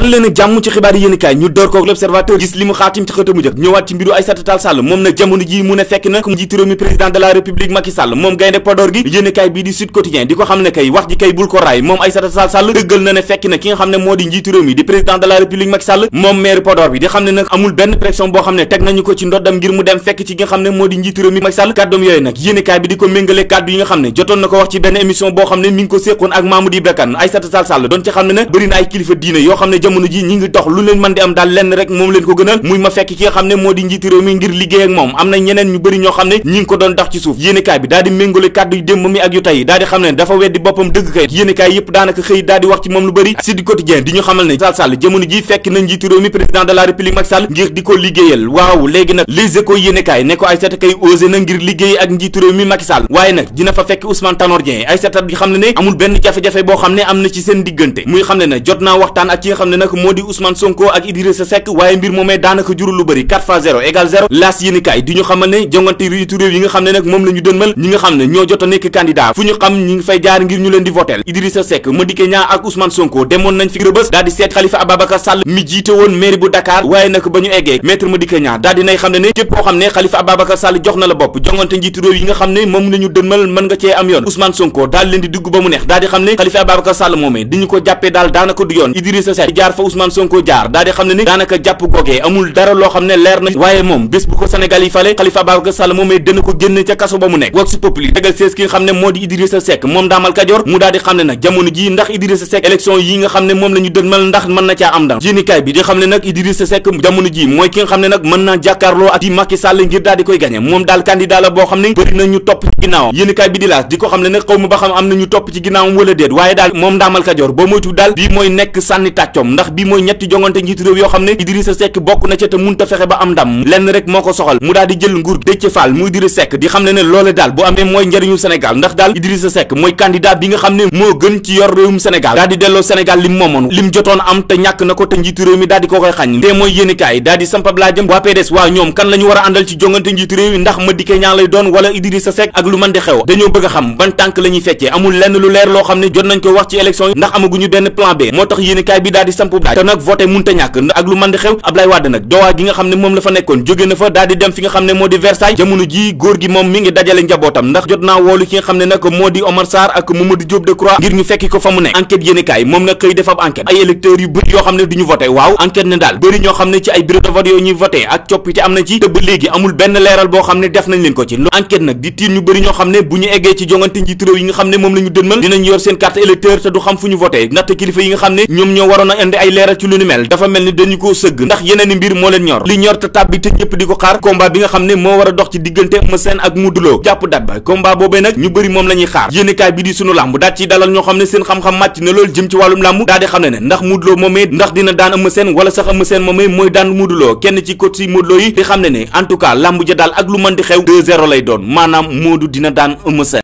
dal leen ak jàmm ci xibaar yéen ñu door kook l'observateur gis li xaatim ci xët jëkk ñëwaat ci mbiru Aïssata Tall Sall moom nag jamono xam ne na ne fekk na ki nga xam ne moo di di ko ci ndoddam yi nga xam ne jotoon na ko wax ci benn émission boo xam ne mi ngi ko séqoon ak Mamoudi Bakane Aïssata Tall Sall doon ci xam ne ne bëri ay kilifa diine yoo xam ne jamono ji ñi ngi dox lu leen mën di am daal lenn rek moom leen ko gënal muy ma fekk ki xam ne moo di njiitu ngir liggéey ak moom am na ci seen diggante muy xam ne ne jot naa waxtaan ak ki xam ne ne nag moo di Ousmane Sonko ak Idrissa Seck waaye mbir moomee daanaka jurul lu bëri 4 fois 0 égale 0 laas yéen kaay di ñu xamal ne jongante riitu réew yi nga xam ne nag moom la ñu mën nga cee am yoon Ousmane Sonko daal leen di dugg ba mu neex daal di xam ne Khalifa Ababacar Sall moomee di ñu ko jàppee daal daanaka du yoon Idrissa Seck jaar fa Ousmane Sonko jaar daa di xam ne ni daanaka jàpp googee amul dara loo xam ne leer na waaye moom bés bu ko Sénégal yi fale Khalifa Ababacar Sall moomee dëna ko génn ca kaso ba mu nekk Vox Populi tegal sees ki nga xam ne moo di Idrissa Seck moom daamal Kajoor mu daal di xam ne nag jamono ji ndax Idrissa Seck élection yi nga na caa am ndam yéenekaay bi di xam ne xam ne nag mën naa jàkkaarloo ak di Macky xam ne na ñu topp ci ginnaawam yéenekaay bi di laas di ko xam ne nag xaw ba xam am na ñu topp ci boppam ndax bi mooy ñetti jongante njiitu réew yoo xam ne Idrissa Seck bokk na ca te munta fexe ba am ndam lenn rek moo ko soxal mu daal di jël nguur Déthié Fall muy Idrissa Seck di xam ne ne loole daal bu daal moo gën ci yor réewum Sénégal daal di delloo Sénégal lim moomoon lim jotoon am te ñàkk na ko te njiitu réew mi daal ko koy xañ te mooy yéenekaay daal di sampab laa jëm waa PDS waa ñoom kan la war a àndal ci jongante njiitu réew yi ndax Madické Niang lay doon wala Idrissa Seck ak lu mën di xew dañoo bëgg a xam ban tànk lenn lu leer loo xam ne jot nañ ko B moo sampub laaj te nag voté munta ñàkk ak lu mën di xew Ablaye Wade nag dowaa gi nga xam ne moom la fa nekkoon na fa daal ne moo di Versailles jamono ko fa mu nekk enquête yéenekaay moom nag xëy def ab ne du ñu voté waaw enquête ne daal bëri ne de na ci te ba léegi amul ne def nañ leen ko ci lu enquête nag di ne bu ñu yor seen carte électeur te du xam fu ñu voté ndaxte kilifa yi nga xam ne ñoom ñoo waroon a indi ay dafa mel ni dañu koo sëgg ndax yeneen mbir moo leen ñor li ñor te tàbbi te ñëpp di ko xaar combat bi nga xam ne moo war a dox ci diggante Eumeu Sène ak Modou jàpp dat ba combat boobee nag ñu bëri moom la xaar yéenekaay bi di sunu làmb daat ciy dalal ñoo xam ne seen xam-xam màcc na loolu jëm ci wàllum làmb daal di xam ne ne ndax Modou moomee ndax dina daan Eumeu Sène wala sax Eumeu Sène moomee mooy daan Modou kenn ci coach yi Modou yi di xam